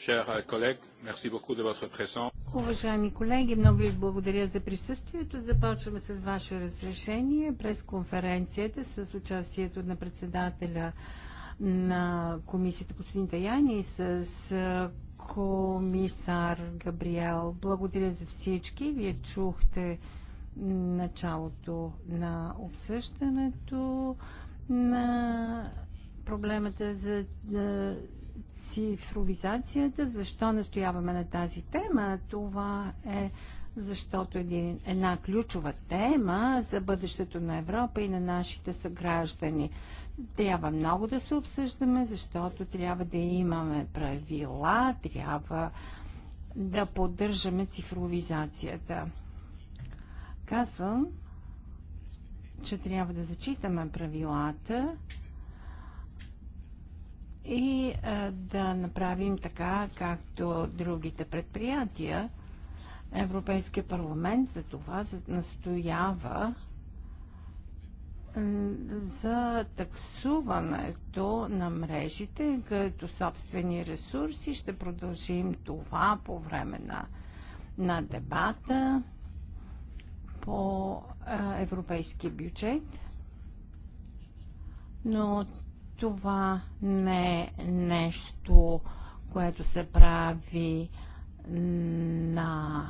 Euh, Уважаеми колеги, много ви благодаря за присъствието. Започваме с ваше разрешение през конференцията с участието на председателя на комисията господин Таяни и с комисар Габриел. Благодаря за всички. Вие чухте началото на обсъждането на проблемата за цифровизацията. Защо настояваме на тази тема? Това е защото е една ключова тема за бъдещето на Европа и на нашите съграждани. Трябва много да се обсъждаме, защото трябва да имаме правила, трябва да поддържаме цифровизацията. Казвам, че трябва да зачитаме правилата, и а, да направим така, както другите предприятия. Европейския парламент за това настоява за таксуването на мрежите като собствени ресурси. Ще продължим това по време на, на дебата по а, европейския бюджет. Но това не е нещо, което се прави на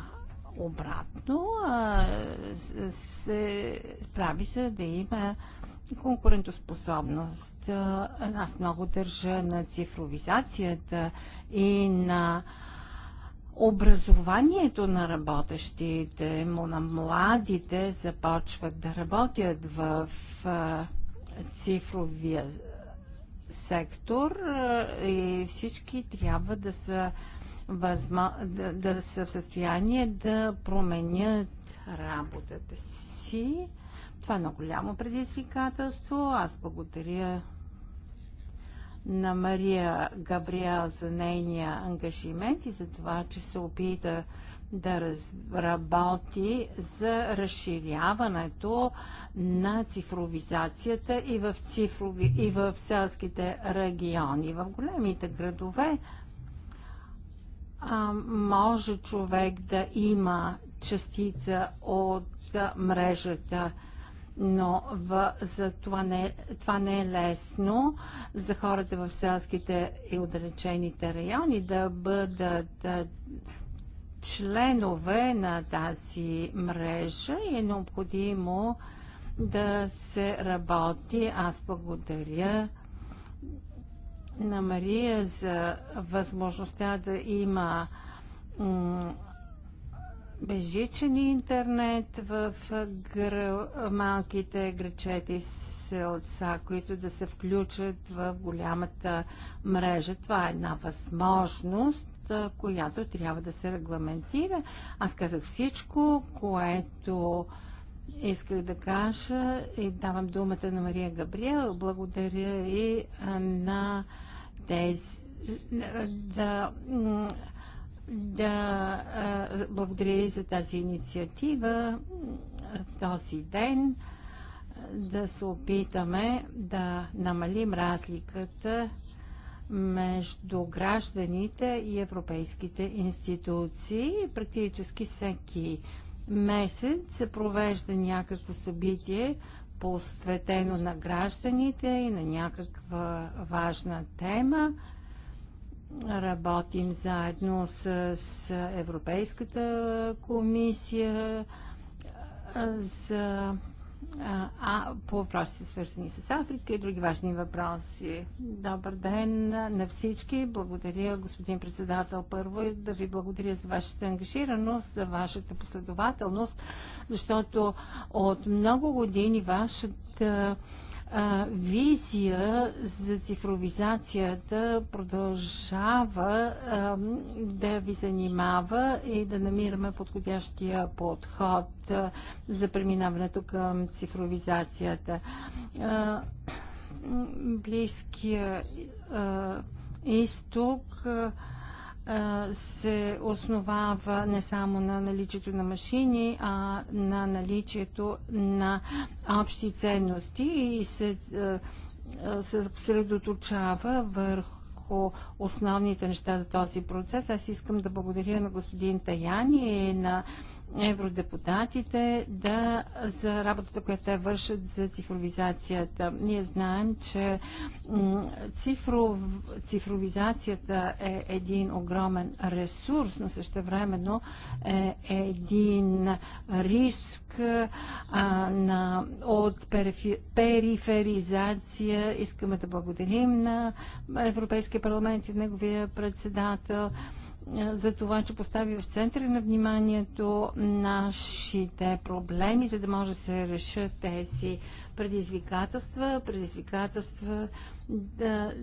обратно, а се прави се да има конкурентоспособност. Аз много държа на цифровизацията и на образованието на работещите, на младите започват да работят в цифровия сектор и всички трябва да са, възма, да, да са в състояние да променят работата си. Това е много голямо предизвикателство. Аз благодаря на Мария Габриел за нейния ангажимент и за това, че се опита да да разработи за разширяването на цифровизацията и в, цифрови, и в селските региони. В големите градове а, може човек да има частица от мрежата но в, за това, не, това не е лесно за хората в селските и отдалечените райони да бъдат да, членове на тази мрежа и е необходимо да се работи. Аз благодаря на Мария за възможността да има бежичен интернет в гр... малките гречети, селца, които да се включат в голямата мрежа. Това е една възможност която трябва да се регламентира. Аз казах всичко, което исках да кажа и давам думата на Мария Габриел. Благодаря и на тези да, да благодаря и за тази инициатива, този ден, да се опитаме да намалим разликата между гражданите и европейските институции. Практически всеки месец се провежда някакво събитие, посветено на гражданите и на някаква важна тема. Работим заедно с Европейската комисия за а по въпросите, свързани с Африка и други важни въпроси. Добър ден на всички. Благодаря, господин председател. Първо е да ви благодаря за вашата ангажираност, за вашата последователност, защото от много години вашата а, визия за цифровизацията продължава а, да ви занимава и да намираме подходящия подход а, за преминаването към цифровизацията. А, близкия а, изток. А, се основава не само на наличието на машини, а на наличието на общи ценности и се, съсредоточава върху основните неща за този процес. Аз искам да благодаря на господин Таяни и на евродепутатите да, за работата, която те вършат за цифровизацията. Ние знаем, че цифров, цифровизацията е един огромен ресурс, но същевременно е един риск а, на, от перифи, периферизация. Искаме да благодарим на Европейския парламент и неговия председател е, за това, че постави в центъра на вниманието нашите проблеми, за да може да се решат тези предизвикателства, предизвикателства да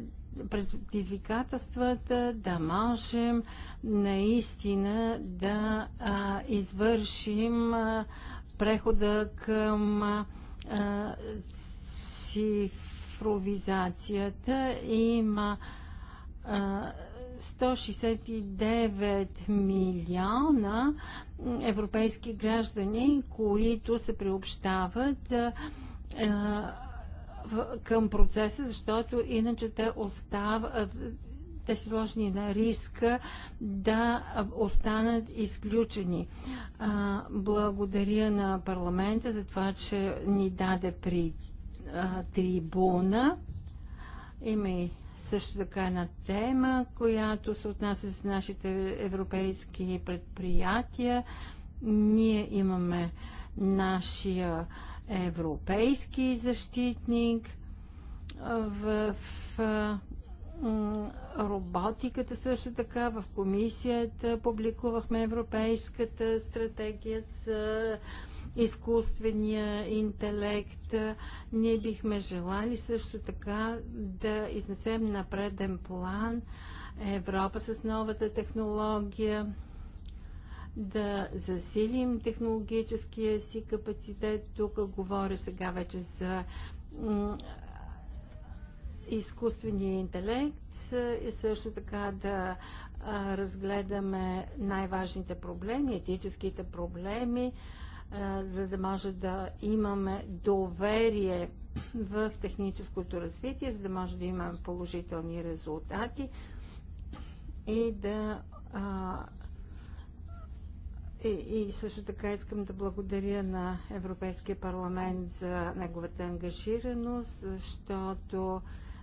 предизвикателствата да можем наистина да а, извършим а, прехода към а, цифровизацията. Има а, 169 милиона европейски граждани, които се приобщават към процеса, защото иначе те остават те са сложни на риска да останат изключени. благодаря на парламента за това, че ни даде при трибуна. Има и също така една тема, която се отнася с нашите европейски предприятия. Ние имаме нашия европейски защитник в, в роботиката също така. В комисията публикувахме Европейската стратегия за изкуствения интелект. Ние бихме желали също така да изнесем на преден план Европа с новата технология, да засилим технологическия си капацитет. Тук говоря сега вече за изкуствения интелект и също така да разгледаме най-важните проблеми, етическите проблеми, за да може да имаме доверие в техническото развитие, за да може да имаме положителни резултати и да и, и също така искам да благодаря на Европейския парламент за неговата ангажираност, защото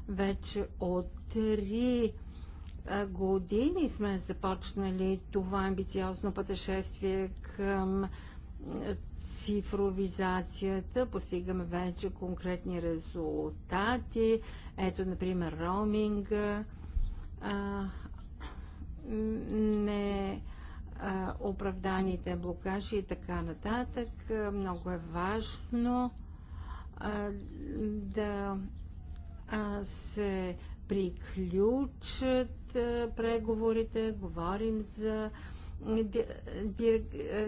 вече от три години сме започнали това амбициозно пътешествие към цифровизацията, постигаме вече конкретни резултати. Ето, например, роуминга. не оправданите блокажи и така нататък. Много е важно да се приключат преговорите. Говорим за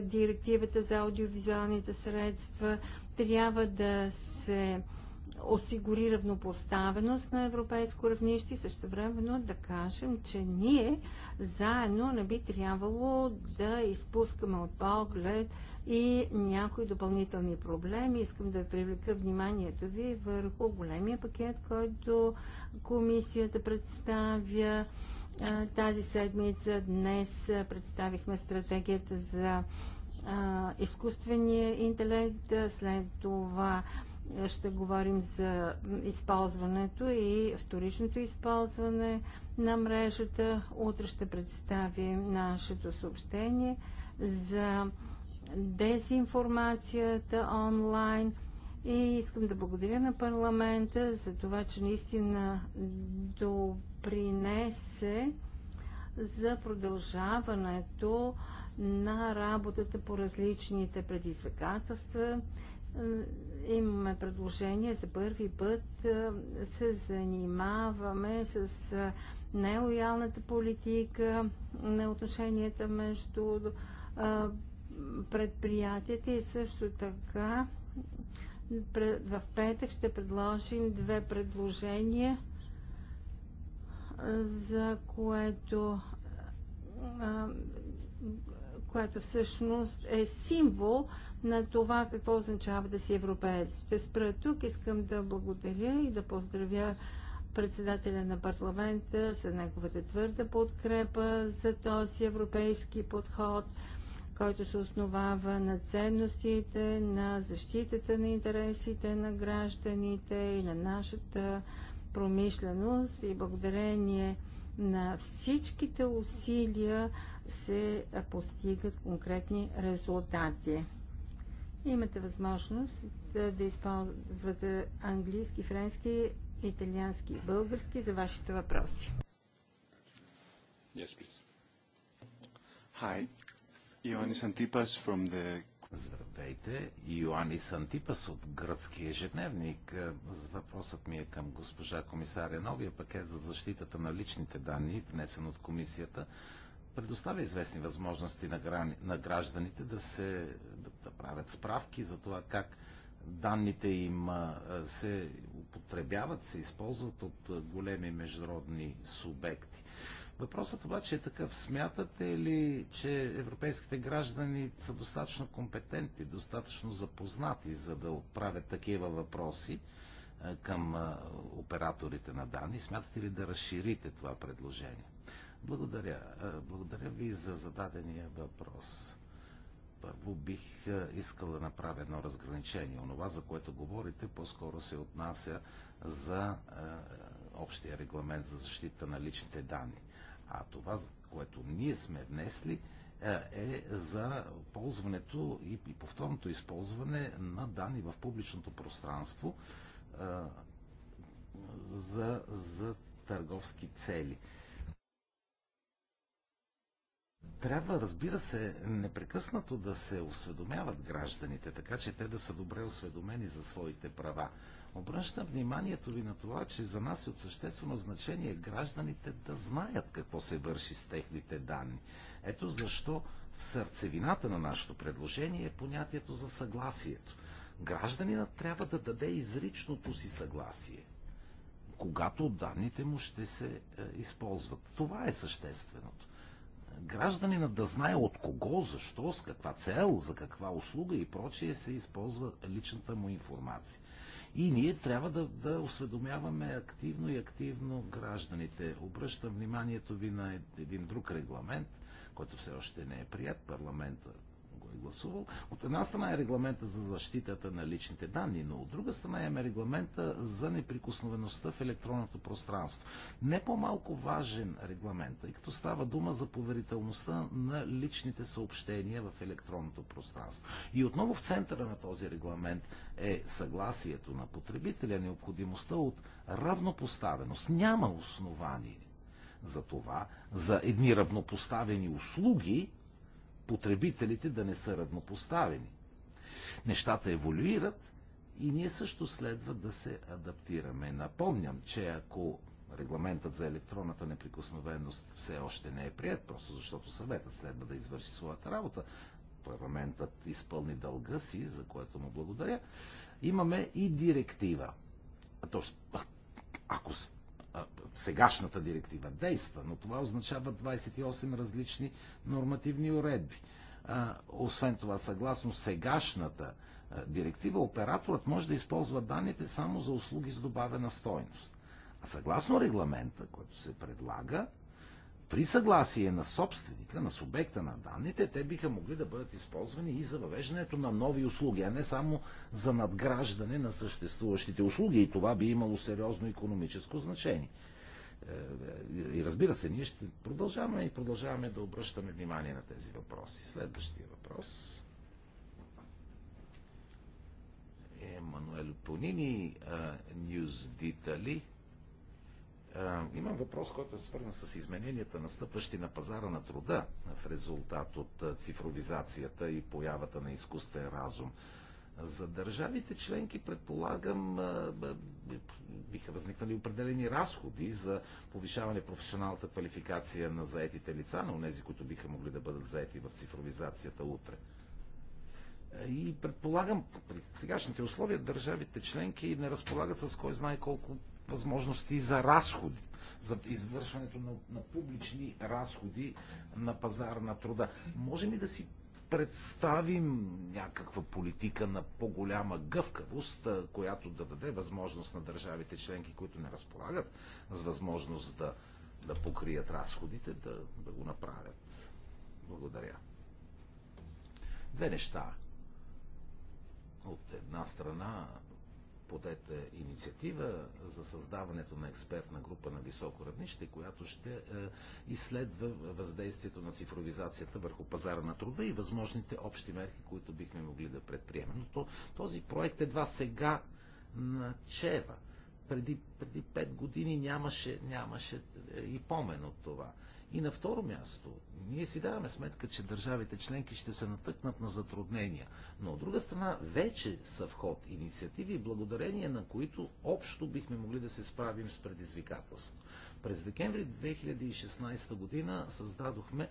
директивата за аудиовизуалните средства, трябва да се осигури равнопоставеност на европейско равнище и също времено да кажем, че ние заедно не би трябвало да изпускаме от поглед и някои допълнителни проблеми. Искам да привлека вниманието ви върху големия пакет, който комисията представя тази седмица днес представихме стратегията за изкуствения интелект, след това ще говорим за използването и вторичното използване на мрежата. Утре ще представим нашето съобщение за дезинформацията онлайн – и искам да благодаря на парламента за това, че наистина допринесе за продължаването на работата по различните предизвикателства. Е, имаме предложение за първи път е, се занимаваме с е, нелоялната политика на отношенията между предприятията и също така в петък ще предложим две предложения, за което което всъщност е символ на това какво означава да си европеец. Ще спра тук. Искам да благодаря и да поздравя председателя на парламента за неговата твърда подкрепа за този европейски подход – който се основава на ценностите, на защитата на интересите на гражданите и на нашата промишленост и благодарение на всичките усилия се постигат конкретни резултати. Имате възможност да, да използвате английски, френски, италиански и български за вашите въпроси. Yes, please. Hi, Йоаннис Антипас from the... Здравейте, Йоаннис Антипас от Гръцки ежедневник. Е, въпросът ми е към госпожа комисаря. Новия пакет за защитата на личните данни, внесен от комисията, предоставя известни възможности на, грани... на гражданите да се да, да правят справки за това как данните им е, се употребяват, се използват от е, големи международни субекти. Въпросът обаче е такъв. Смятате ли, че европейските граждани са достатъчно компетентни, достатъчно запознати, за да отправят такива въпроси към операторите на данни? Смятате ли да разширите това предложение? Благодаря. Благодаря ви за зададения въпрос. Първо бих искал да направя едно разграничение. Онова, за което говорите, по-скоро се отнася за общия регламент за защита на личните данни. А това, което ние сме внесли, е, е за ползването и повторното използване на данни в публичното пространство е, за, за търговски цели трябва, разбира се, непрекъснато да се осведомяват гражданите, така че те да са добре осведомени за своите права. Обръщам вниманието ви на това, че за нас е от съществено значение гражданите да знаят какво се върши с техните данни. Ето защо в сърцевината на нашето предложение е понятието за съгласието. Гражданинът трябва да даде изричното си съгласие, когато данните му ще се е, използват. Това е същественото гражданина да знае от кого, защо, с каква цел, за каква услуга и прочие се използва личната му информация. И ние трябва да, да осведомяваме активно и активно гражданите. Обръщам вниманието ви на един друг регламент, който все още не е прият. Парламента е гласувал. От една страна е регламента за защитата на личните данни, но от друга страна е регламента за неприкосновеността в електронното пространство. Не по-малко важен регламент, тъй като става дума за поверителността на личните съобщения в електронното пространство. И отново в центъра на този регламент е съгласието на потребителя, необходимостта от равнопоставеност. Няма основание за това, за едни равнопоставени услуги потребителите да не са равнопоставени. Нещата еволюират и ние също следва да се адаптираме. Напомням, че ако регламентът за електронната неприкосновеност все още не е прият, просто защото съветът следва да извърши своята работа, парламентът изпълни дълга си, за което му благодаря, имаме и директива. А то, ако сегашната директива действа, но това означава 28 различни нормативни уредби. Освен това, съгласно сегашната директива, операторът може да използва данните само за услуги с добавена стойност. А съгласно регламента, който се предлага, при съгласие на собственика, на субекта на данните, те биха могли да бъдат използвани и за въвеждането на нови услуги, а не само за надграждане на съществуващите услуги. И това би имало сериозно економическо значение. Е, е, и разбира се, ние ще продължаваме и продължаваме да обръщаме внимание на тези въпроси. Следващия въпрос е Мануел Понини, е, Ньюз Дитали. Имам въпрос, който е свързан с измененията, настъпващи на пазара на труда в резултат от цифровизацията и появата на изкуствен разум. За държавите членки, предполагам, биха възникнали определени разходи за повишаване професионалната квалификация на заетите лица, на тези, които биха могли да бъдат заети в цифровизацията утре. И предполагам, при сегашните условия държавите членки не разполагат с кой знае колко възможности за разходи, за извършването на, на публични разходи на пазар на труда. Можем ли да си представим някаква политика на по-голяма гъвкавост, която да даде възможност на държавите членки, които не разполагат с възможност да, да покрият разходите, да, да го направят. Благодаря. Две неща. От една страна подета инициатива за създаването на експертна група на високо равнище, която ще е, изследва въздействието на цифровизацията върху пазара на труда и възможните общи мерки, които бихме могли да предприемем. Но този проект едва сега начева. Преди, преди 5 години нямаше, нямаше е, и помен от това. И на второ място, ние си даваме сметка, че държавите членки ще се натъкнат на затруднения. Но от друга страна, вече са в ход инициативи, благодарение на които общо бихме могли да се справим с предизвикателството. През декември 2016 година създадохме е,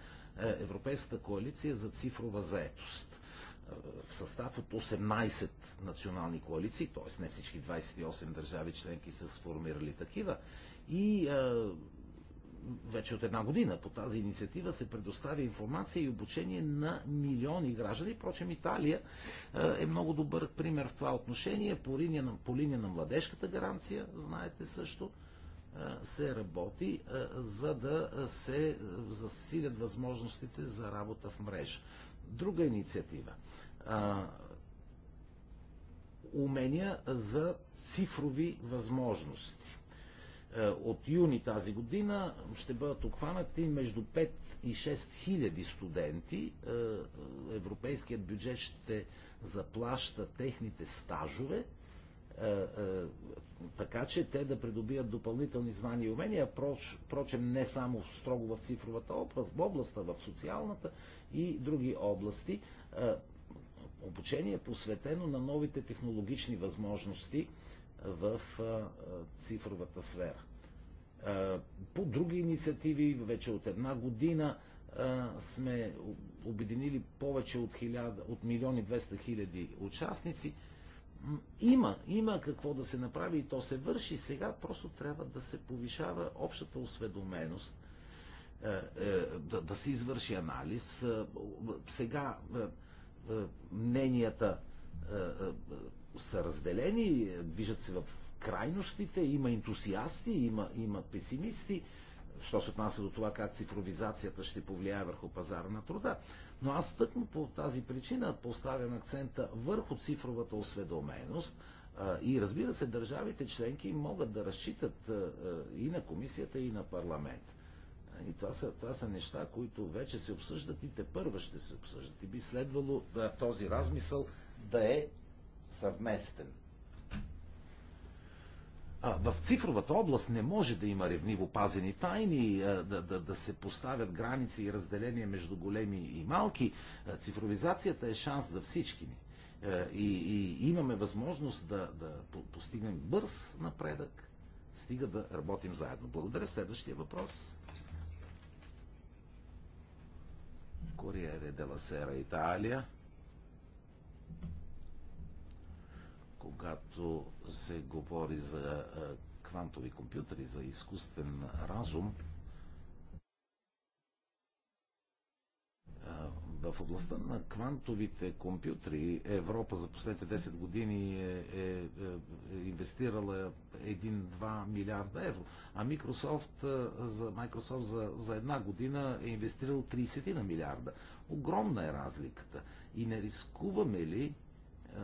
Европейската коалиция за цифрова заетост е, в състав от 18 национални коалиции, т.е. не всички 28 държави членки са сформирали такива. И е, вече от една година по тази инициатива се предоставя информация и обучение на милиони граждани. Впрочем, Италия е, е много добър пример в това отношение. По линия на, по линия на младежката гаранция, знаете също, е, се работи, е, за да се засилят възможностите за работа в мрежа. Друга инициатива умения за цифрови възможности. Е, от юни тази година ще бъдат обхванати между 5 и 6 хиляди студенти. Е, европейският бюджет ще заплаща техните стажове, е, така че те да придобият допълнителни знания и умения, прочем не само строго в цифровата област, в областта, в социалната и други области. Обучение е посветено на новите технологични възможности, в цифровата сфера. По други инициативи, вече от една година сме обединили повече от, 1000, от милиони 200 хиляди участници. Има, има какво да се направи и то се върши. Сега просто трябва да се повишава общата осведоменост, е, е, да, да се извърши анализ. Сега мненията са разделени, движат се в крайностите, има ентусиасти, има, има песимисти, що се отнася до това как цифровизацията ще повлияе върху пазара на труда. Но аз тъкмо по тази причина поставям акцента върху цифровата осведоменост и разбира се, държавите членки могат да разчитат и на комисията, и на парламент. И това са, това са неща, които вече се обсъждат и те първа ще се обсъждат. И би следвало да, този размисъл да е съвместен. В цифровата област не може да има ревниво пазени тайни, да, да, да се поставят граници и разделения между големи и малки. Цифровизацията е шанс за всички ни. И, и имаме възможност да, да постигнем бърз напредък, стига да работим заедно. Благодаря. Следващия въпрос. Кориере де Сера, Италия. когато се говори за е, квантови компютри, за изкуствен разум, е, в областта на квантовите компютри Европа за последните 10 години е, е, е, е инвестирала 1-2 милиарда евро, а Microsoft за, Microsoft за, за една година е инвестирал 30 на милиарда. Огромна е разликата. И не рискуваме ли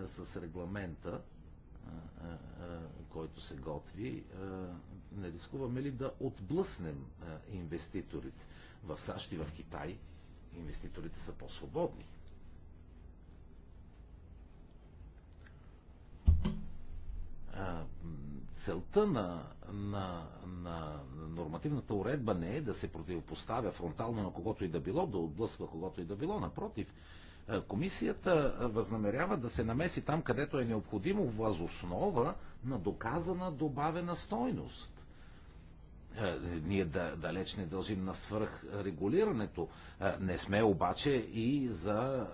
с регламента, който се готви, не рискуваме ли да отблъснем инвеститорите в САЩ и в Китай? Инвеститорите са по-свободни. целта на, на, на нормативната уредба не е да се противопоставя фронтално на когото и да било, да отблъсква когото и да било. Напротив, е, комисията е, възнамерява да се намеси там, където е необходимо, възоснова на доказана добавена стойност е, ние далеч не дължим на свръхрегулирането. Не сме обаче и за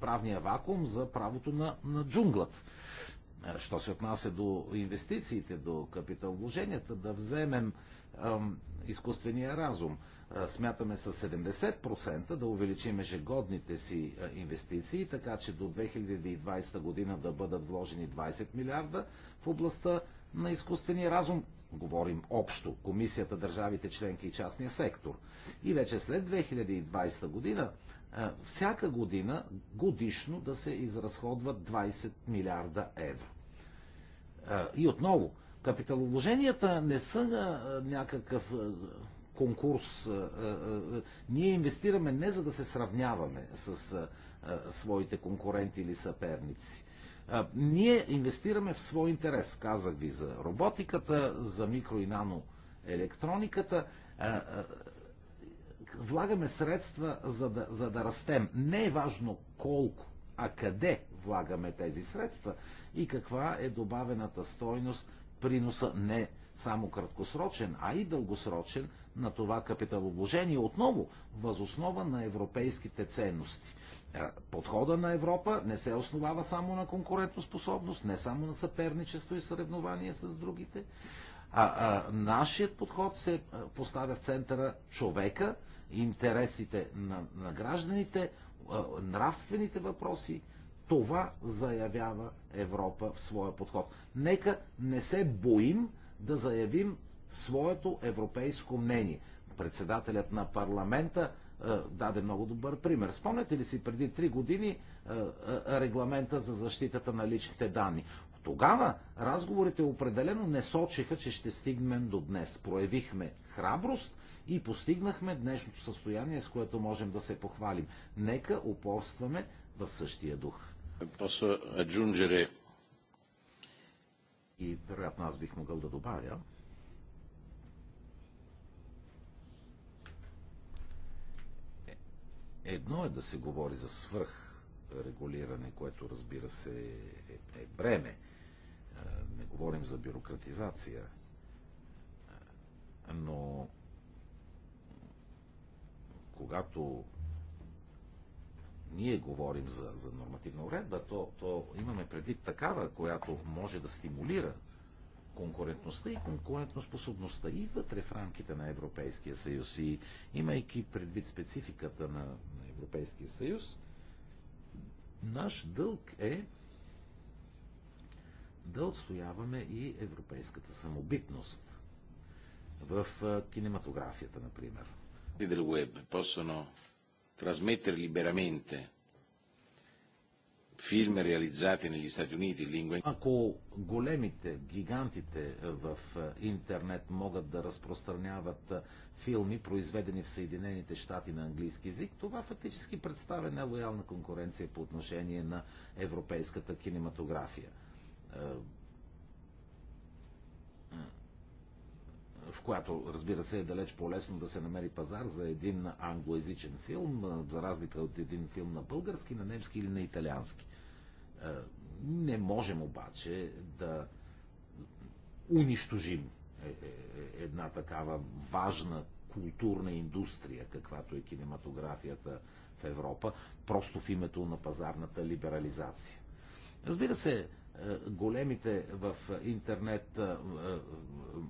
правния вакуум, за правото на, на джунглът. Що се отнася до инвестициите, до капиталовложенията, да вземем изкуствения разум. Смятаме с 70% да увеличим ежегодните си инвестиции, така че до 2020 година да бъдат вложени 20 милиарда в областта на изкуствения разум. Говорим общо, комисията, държавите членки и частния сектор. И вече след 2020 година, всяка година, годишно да се изразходват 20 милиарда евро. И отново, Капиталовложенията не са някакъв конкурс. Ние инвестираме не за да се сравняваме с своите конкуренти или съперници. Ние инвестираме в свой интерес. Казах ви за роботиката, за микро и нано електрониката. Влагаме средства, за да, за да растем. Не е важно колко, а къде влагаме тези средства и каква е добавената стойност приноса не само краткосрочен, а и дългосрочен на това капиталовложение, отново възоснова на европейските ценности. Е, подхода на Европа не се основава само на конкурентоспособност, не само на съперничество и съревнование с другите, а, а нашият подход се е, поставя в центъра човека, интересите на, на гражданите, е, нравствените въпроси, това заявява Европа в своя подход. Нека не се боим да заявим своето европейско мнение. Председателят на парламента е, даде много добър пример. Спомняте ли си преди три години е, е, регламента за защитата на личните данни? Тогава разговорите определено не сочиха, че ще стигнем до днес. Проявихме храброст и постигнахме днешното състояние, с което можем да се похвалим. Нека упорстваме в същия дух. Posso aggiungere... И вероятно аз бих могъл да добавя, е, Едно е да се говори за свръх регулиране, което разбира се е, е бреме. Е, не говорим за бюрократизация. Но когато ние говорим за, за нормативна уредба, то, то имаме предвид такава, която може да стимулира конкурентността и конкурентоспособността и вътре в рамките на Европейския съюз. И имайки предвид спецификата на, на Европейския съюз, наш дълг е да отстояваме и европейската самобитност в кинематографията, например. Del е possono trasmettere liberamente film realizzati negli Stati Uniti in lingua Ако големите, гигантите в е, интернет могат да разпространяват е, филми, произведени в Съединените щати на английски язик, това фактически представя нелоялна конкуренция по отношение на европейската кинематография. Е, в която, разбира се, е далеч по-лесно да се намери пазар за един англоязичен филм, за разлика от един филм на български, на немски или на италиански. Не можем обаче да унищожим е, е, е, една такава важна културна индустрия, каквато е кинематографията в Европа, просто в името на пазарната либерализация. Разбира се, големите в интернет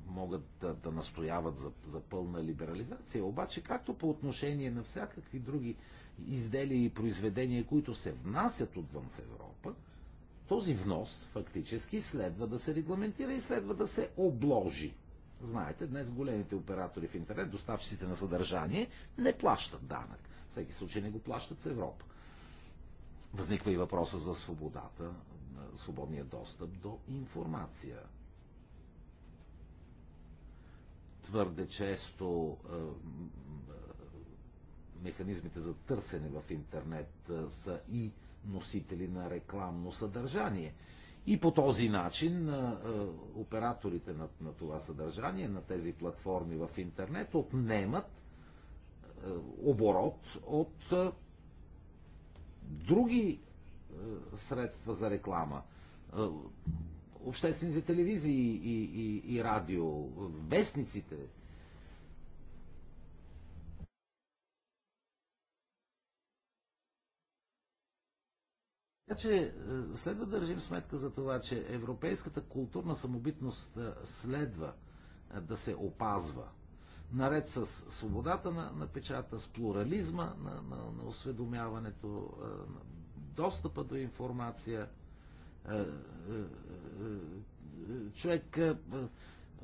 могат да, да настояват за, за пълна либерализация, обаче както по отношение на всякакви други изделия и произведения, които се внасят отвън в Европа, този внос фактически следва да се регламентира и следва да се обложи. Знаете, днес големите оператори в интернет, доставчиците на съдържание, не плащат данък. Всеки случай не го плащат в Европа. Възниква и въпроса за свободата, свободния достъп до информация. Твърде често е, е, механизмите за търсене в интернет е, са и носители на рекламно съдържание. И по този начин операторите на, на това съдържание, на тези платформи в интернет, отнемат оборот от други е, средства за реклама, е, обществените телевизии и, и, и радио, вестниците. Така че е, следва да държим сметка за това, че европейската културна самобитност следва да се опазва – наред с свободата на, на печата, с плурализма на, на, на осведомяването, на достъпа до информация, е, е, е, човек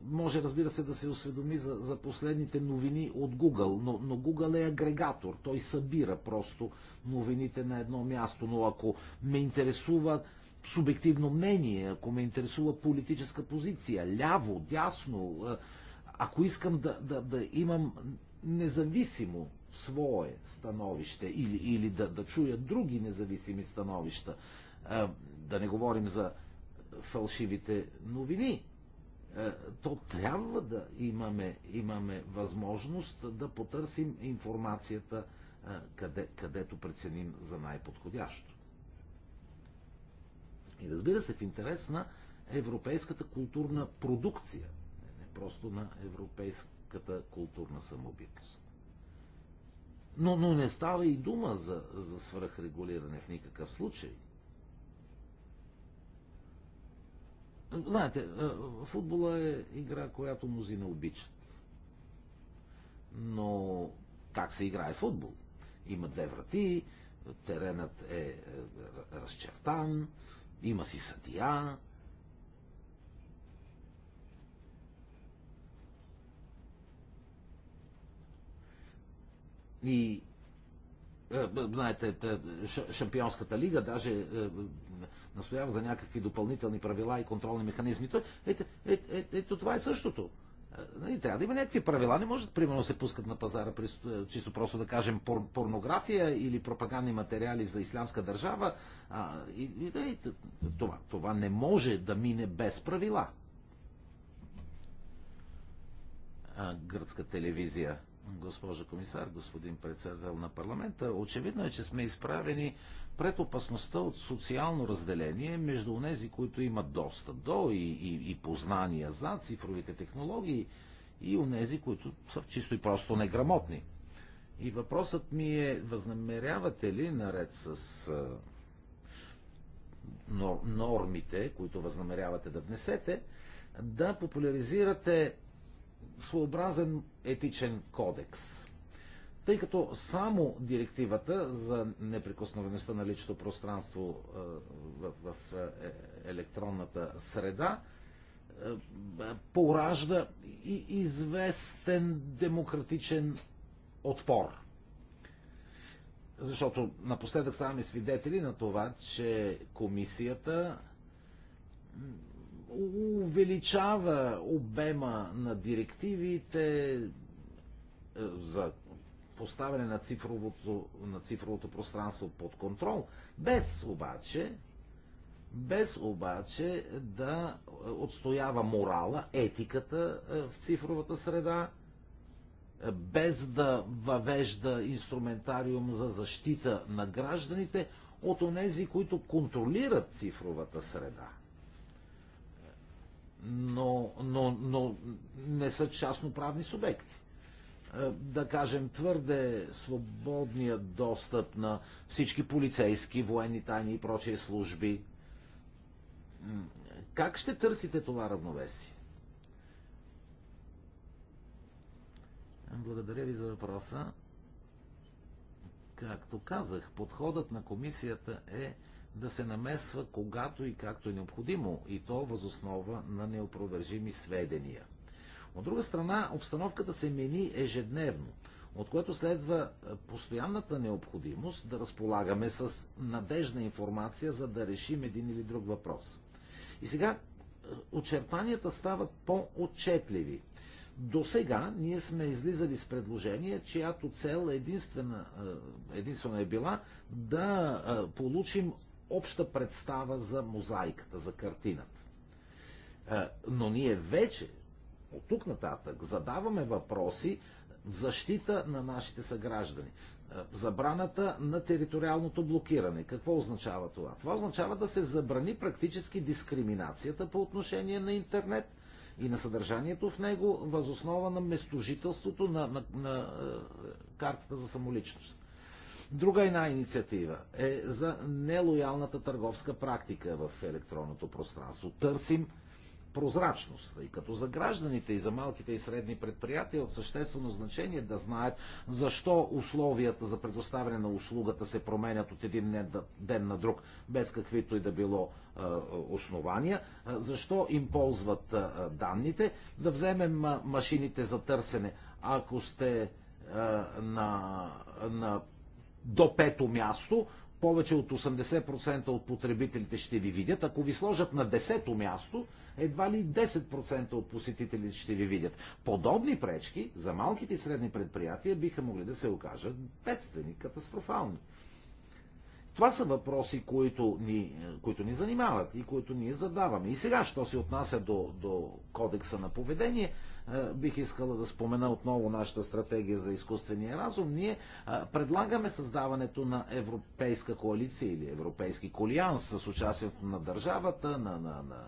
може, разбира се, да се осведоми за, за последните новини от Google, но, но Google е агрегатор. Той събира просто новините на едно място. Но ако ме интересува субективно мнение, ако ме интересува политическа позиция, ляво, дясно, ако искам да, да, да имам независимо свое становище или, или да, да чуя други независими становища, да не говорим за фалшивите новини, то трябва да имаме, имаме възможност да потърсим информацията къде, където преценим за най-подходящо. И разбира се, в интерес на европейската културна продукция, просто на европейската културна самобитност. Но, но не става и дума за, за свръхрегулиране в никакъв случай. Знаете, е, футбола е игра, която мнозина не обичат. Но как се играе футбол? Има две врати, теренът е, е разчертан, има си съдия, И е, знаете, е, е, Шампионската лига даже настоява за някакви допълнителни правила и контролни механизми. ето, ето, ето, ето това е същото. Нали, трябва да има някакви правила. Не може, примерно, се пускат на пазара чисто просто да кажем пор, порнография или пропагандни материали за ислямска държава. А, и, и, да, и, това, това не може да мине без правила. А, гръцка телевизия Госпожо комисар, господин председател на парламента. Очевидно е, че сме изправени пред опасността от социално разделение между тези, които имат достъп до и, и, и познания за цифровите технологии и онези, които са чисто и просто неграмотни. И въпросът ми е, възнамерявате ли наред с а, нор, нормите, които възнамерявате да внесете, да популяризирате своеобразен етичен кодекс. Тъй като само директивата за неприкосновеността на личното пространство е, в, е, електронната среда е, поражда и известен демократичен отпор. Защото напоследък ставаме свидетели на това, че комисията увеличава обема на директивите е, за поставяне на цифровото, на цифровото пространство под контрол, без обаче, без обаче да отстоява морала, етиката е, в цифровата среда, е, без да въвежда инструментариум за защита на гражданите от онези, които контролират цифровата среда но, но, но не са частноправни субекти. Е, да кажем, твърде свободният достъп на всички полицейски, военни тайни и прочие служби. Как ще търсите това равновесие? Благодаря ви за въпроса. Както казах, подходът на комисията е да се намесва когато и както е необходимо, и то възоснова на неопровержими сведения. От друга страна, обстановката се мени ежедневно, от което следва е, постоянната необходимост да разполагаме с надежна информация, за да решим един или друг въпрос. И сега е, очертанията стават по-отчетливи. До сега ние сме излизали с предложение, чиято цел единствена, е, единствена е била да получим обща представа за мозайката, за картината. Е, но ние вече, от тук нататък, задаваме въпроси в защита на нашите съграждани. Е, забраната на териториалното блокиране. Какво означава това? Това означава да се забрани практически дискриминацията по отношение на интернет и на съдържанието в него, възоснова на местожителството на, на, на е, картата за самоличност. Друга една инициатива е за нелоялната търговска практика в електронното пространство. Търсим прозрачност, тъй като за гражданите и за малките и средни предприятия е от съществено значение да знаят защо условията за предоставяне на услугата се променят от един ден на друг, без каквито и да било основания, защо им ползват данните, да вземем машините за търсене. Ако сте на, на до пето място, повече от 80% от потребителите ще ви видят. Ако ви сложат на десето място, едва ли 10% от посетителите ще ви видят. Подобни пречки за малките и средни предприятия биха могли да се окажат бедствени, катастрофални. Това са въпроси, които ни, които ни занимават и които ние задаваме. И сега, що се отнася до, до кодекса на поведение, е, бих искала да спомена отново нашата стратегия за изкуствения разум. Ние е, предлагаме създаването на европейска коалиция или европейски колианс с участието на държавата, на, на, на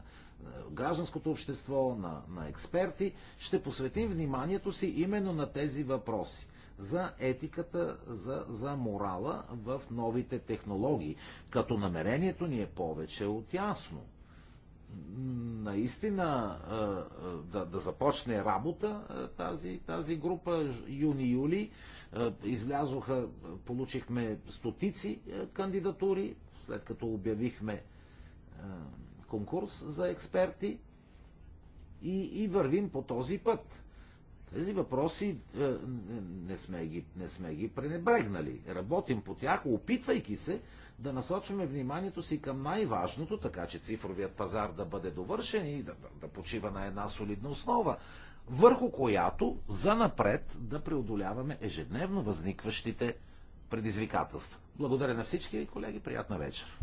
гражданското общество, на, на експерти. Ще посветим вниманието си именно на тези въпроси за етиката, за, за морала в новите технологии. Като намерението ни е повече от ясно. Наистина да, да започне работа тази, тази група юни-юли. Излязоха, получихме стотици кандидатури, след като обявихме конкурс за експерти и, и вървим по този път. Тези въпроси е, е, не, сме ги, не сме ги пренебрегнали. Работим по тях, опитвайки се да насочваме вниманието си към най-важното, така че цифровият пазар да бъде довършен и да, да, да почива на една солидна основа, върху която за напред да преодоляваме ежедневно възникващите предизвикателства. Благодаря на всички колеги, приятна вечер!